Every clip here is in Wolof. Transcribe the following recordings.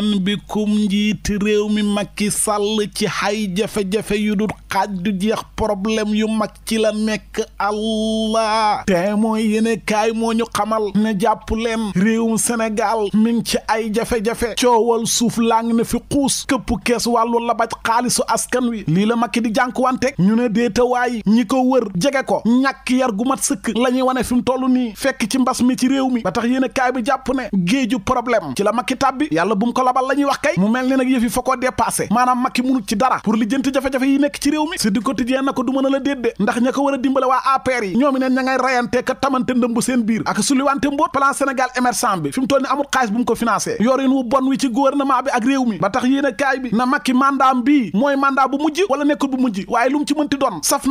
ñaan bi kum njiiti réew mi Macky Sall ci xay jafe-jafe yu dul du jeex problème yu mag ci la nekk allah te mooy yéene kaay moo ñu xamal ne jàpp leen réewum Sénégal mi ngi ci ay jafe-jafe coowal suuf lang ne fi xuus këpp kees wàllu labaj xaalisu askan wi lii la Macky di jànkuwante ñu ne déetawaay ñi ko wër jege ko ñàkk yar gu mat sëkk la ñuy wane fi mu toll nii fekk ci mbas mi ci réew mi ba tax yéene kaay bi jàpp ne géeju problème ci la Macky tàbbi labal la ñuy wax kay mu mel ni nag yëf yi maanaam Macky munut ci dara pour lijjanti jafe-jafe yi nekk ci réew mi si di quotidien na ko du mën a la déedde ndax ña ko war dimbale waa APR ñoomi neen ña ngay rayante tamante ndëmb seen biir ak suliwante mboot plan Sénégal émergent bi fi ni amul xaalis bu mu ko financé mooy mandat bu mujj wala nekkul bu mujj waaye lu ci mënti doon saf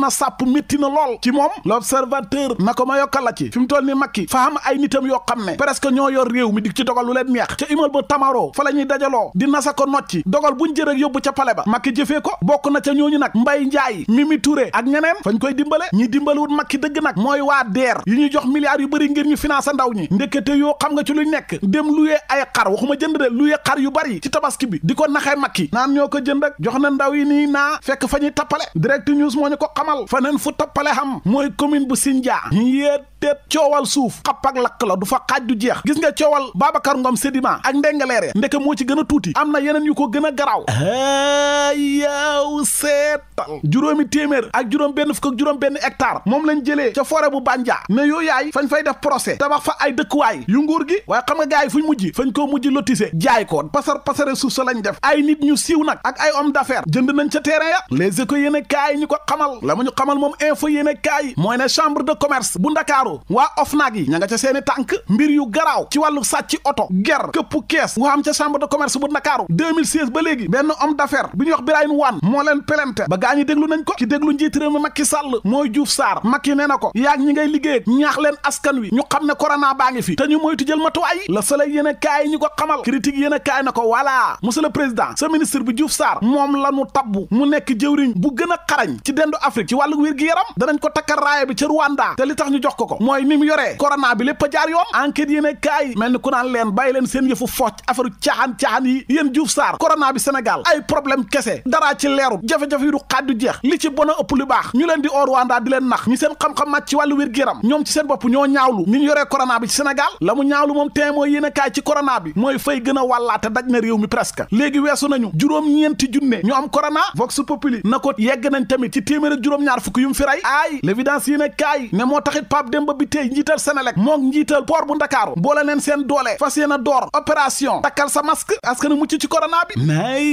dajaloo di nasa ko nocci dogal buñ jërëk yóbbu ca pale ba Macky jëfee ko bokk na ca ñooñu nag Mbaye Ndiaye Mimi Touré ak ñeneen fañ koy dimbale ñi dimbaliwut Macky dëgg nag mooy waa DER yu ñu jox milliards yu bëri ngir ñu financer ndaw ñi ndekete yoo xam nga ci ñu nekk dem luyee ay xar waxuma jënd de luyee xar yu bari ci tabaski bi di ko naxee Macky naan ñoo ko jënd ak jox na ndaw yi nii naa fekk fa ñuy tappale direct news moo ñu ko xamal faneen fu tappale xam mooy commune bu Sindia yéet te coowal suuf xapp ak lakk la du fa xaaj du jeex gis nga coowal Babacar Ngom Sedima ak ndengaleere ndeke moo ci gën tuuti am na yeneen yu ko gën a garaaw yaaw seetal juróomi téeméer ak juróom benn fukk ak juróom benn hectare moom lañ jëlee ca forêt bu Bandia ne yoo yaay fañ fay def procès tabax fa ay dëkkuwaay yu nguur gi waaye xam nga gars fu fuñ mujj fañ ko mujj lotissé jaay ko pasar pasare suuf sa lañu def ay nit ñu siiw nag ak ay homme d'affaires jënd nañ ca terrain ya les ko xamal la mu ñu xamal moom info yéen e kaay mooy ne chambre de commerce bu Ndakaaru Ndakaaru waa OFNAC yi ña nga ca seeni tànk mbir yu garaaw ci wàllu sàcc oto ger këppu kees wu am ca chambre de commerce bu Ndakaaru 2016 ba léegi benn homme d'affaires bi ñuy wax Birahim Wane moo leen plainte ba gaa ñi déglu nañ ko ci déglu njiit réew mi Macky mooy Diouf Sarr Macky nee ko yaag ñi ngay liggéey ñaax leen askan wi ñu xam ne corona baa ngi fi te ñu moytu jël matuwaay la Soleil yéen a kaay ñu ko xamal critique yéen a kaay na ko voilà monsieur le sa ministre moom la nu bu gën a xarañ ci dendu Afrique ci wàllu wér gi yaram danañ ko takkal raaya bi ca li tax ñu jox ko ko mooy ni mu yoree corona bi lépp a jaar yoon enquête yéen e kaay mel ni ku naan leen bay leen seen yëfu focc affaire caaxaan-caaxaan yi yéen Diouf Sarr corona bi Sénégal ay problème kese daraa ci leeru jafe-jafe yi du xaddu li ci bon ëpp lu baax ñu leen di or waandaa di leen nax ñi seen xam-xam màcc ci wàllu wér ñoom ci seen bopp ñoo ñaawlu ni ñu yoree corona bi ci Sénégal la mu ñaawlu moom tee mooy kaay ci corona bi mooy fay gën a wàllaate daj na réew mi presque léegi weesu nañu juróom-ñeenti junne ñu am corona vox populi na ko yegg nañ tamit ci téeméer juróom-ñaar fukk fi ray moo taxit Pape Demba Demba bi tey njiital Senelec mook njiital port bu Ndakaaru boole leen seen doole fas yéen a door opération takkal sa masque askan mucc ci corona bi nay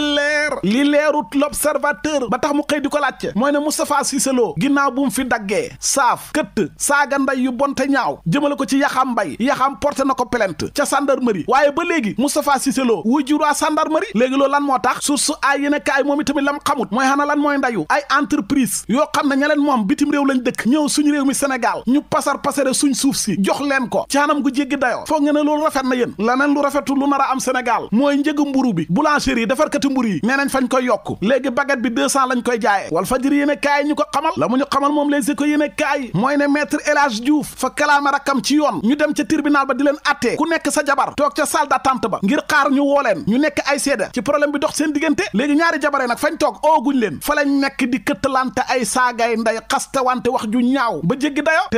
leer li leerut l'observateur ba tax mu xëy di ko laajte mooy ne Moustapha Cissé Lo ginnaaw bu mu fi daggee saaf këtt saaga nday yu bonte ñaaw jëmale ko ci yaxam mbay yaxam porté na ko plainte ca gendarmerie waaye ba léegi Moustapha Cissé Lo wuy juraa gendarmerie léegi loo lan moo tax source ay yéen a kaay moom itamit lam xamut mooy xana lan mooy ndayu ay entreprise yoo xam ne ña moom bitim réew lañ dëkk ñëw suñu réew mi Sénégal ñu pasar pasare suñ suuf si jox leen ko ci anam gu jéggi dayoo foog nga ne loolu rafet na yéen laneen lu rafetu lu nar a am Sénégal mooy njëgu mburu bi boulangerie yi defarkati mburu yi nee nañ fañ koy yokk léegi baguette bi deux lañ koy jaayee wal fajiri yéen e kaay ñu ko xamal la mu ñu xamal moom les éco yéen e kaay mooy ne maître El Hadj Diouf fa kalaama rakkam ci yoon ñu dem ca tribunal ba di leen attee ku nekk sa jabar toog ca salle d'attente ba ngir xaar ñu woo leen ñu nekk ay seeda ci problème bi dox seen diggante léegi ñaari jabaree nag fañ toog ooguñ leen fa lañ nekk di këttalante ay saagay nday xastewante wax ju ñaaw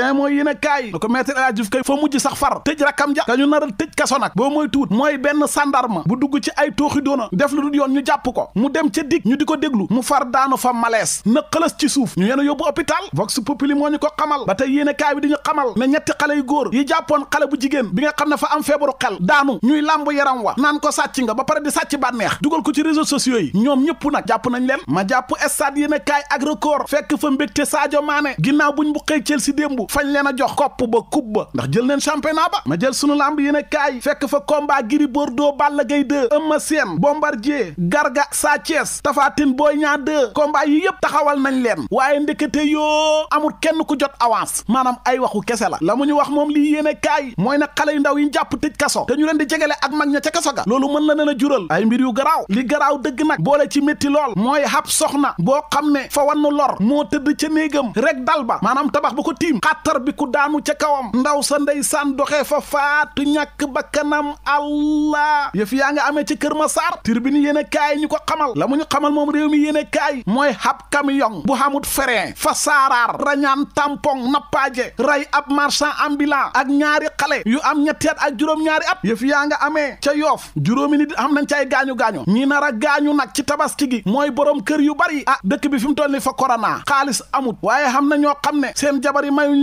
quotidien mooy yéen a kaay ko maître El Hadji Diouf kay fa mujj sax far tëj rakkam ja ka ñu naral tëj kaso nag boo mooy tuut mooy benn sandarma bu dugg ci ay tooxi doona def lu dul yoon ñu jàpp ko mu dem ca dig ñu di ko déglu mu far daanu fa malaise na xëlas ci suuf ñu yéen a yóbbu hôpital vox populi moo ñu ko xamal ba te yéen a kaay bi di ñu xamal ne ñetti xale yu góor yi jàppoon xale bu jigéen bi nga xam ne fa am feebaru xel daanu ñuy làmb yaram wa naan ko sàcc nga ba pare di sàcc bànneex dugal ko ci réseaux sociaux yi ñoom ñëpp nag jàpp nañ leen ma jàpp stade yéen a kaay ak record fekk fa mbégte Sadio Mané ginnaaw buñ bu xëy Chelsea démbu fañ leen a jox kopp ba kub ba ndax jël neen championnat ba ma jël sunu lamb yéen a kaay fekk fa combat Gris Bordeaux Balla Gaye 2 Eumeu Sène Bombardier Garga Sa Thiès Tapha Tine booy Niang 2 combat yi yëpp taxawal nañ leen waaye ndekete yoo amul kenn ku jot avance maanaam ay waxu kese la la mu ñu wax moom lii yéen a mooy na xale yu ndaw yi ñu jàpp tëj kaso te ñu leen di jegele ak mag ña ca kaso ga loolu mën la leen a jural ay mbir yu garaaw li garaaw dëgg nag boole ci métti lool mooy xab soxna boo xam ne fa wannu lor moo tëdd ca néegam rek dal ba battar bi ku daanu ca kawam ndaw sa ndeysaan doxee fa faatu ñàkk bakkanam allah yëf yaa nga amee ci kër ma saar turbine yéen a kaay ñu ko xamal la mu ñu xamal moom réew mi yéen a kaay mooy hab camion bu xamut frein fa saaraar rañaan tampon nappaaje ray ab marchand ambulant ak ñaari xale yu am ñetti at ak juróom-ñaari at yëf yaa nga amee ca yoof juróomi nit am ca cay gaañu-gaañu ñi nar a gaañu nag ci tabaski gi mooy borom kër yu bari ah dëkk bi fi mu toll ni fa korona xaalis waaye xam na ñoo xam ne seen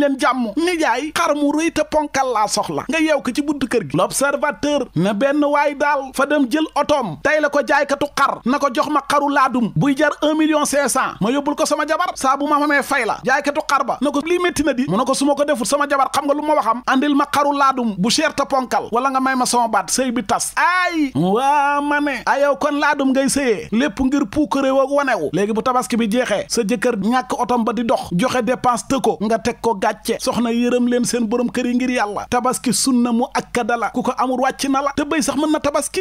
leen jàmm nijaay xar mu rëy te ponkal laa soxla nga yeew ko ci buntu kër gi l'observateur na benn waay daal fa dem jël otoom tey la ko jaaykatu xar na ko jox ma xaru laadum buy jar un million cinq cent ma yóbbul ko sama jabar saa bu ma xamee fay la jaaykatu xar ba na ko lii métti na di mu na ko su ma ko deful sama jabar xam nga lu ma waxam andil ma xaru laadum bu cher te ponkal wala nga may ma sama baat sëy bi tas aay waa ma ne ayow kon laadum ngay sëyee lépp ngir puukare woog wanewu léegi bu tabaski bi jeexee sa jëkkër ñàkk otom ba di dox joxe dépense ko nga teg ko wàcce soxna yërëm leen seen borom kër yi ngir yàlla tabaski sunna mu akkada la ku ko amul wàcc na la te béy sax mën na tabaski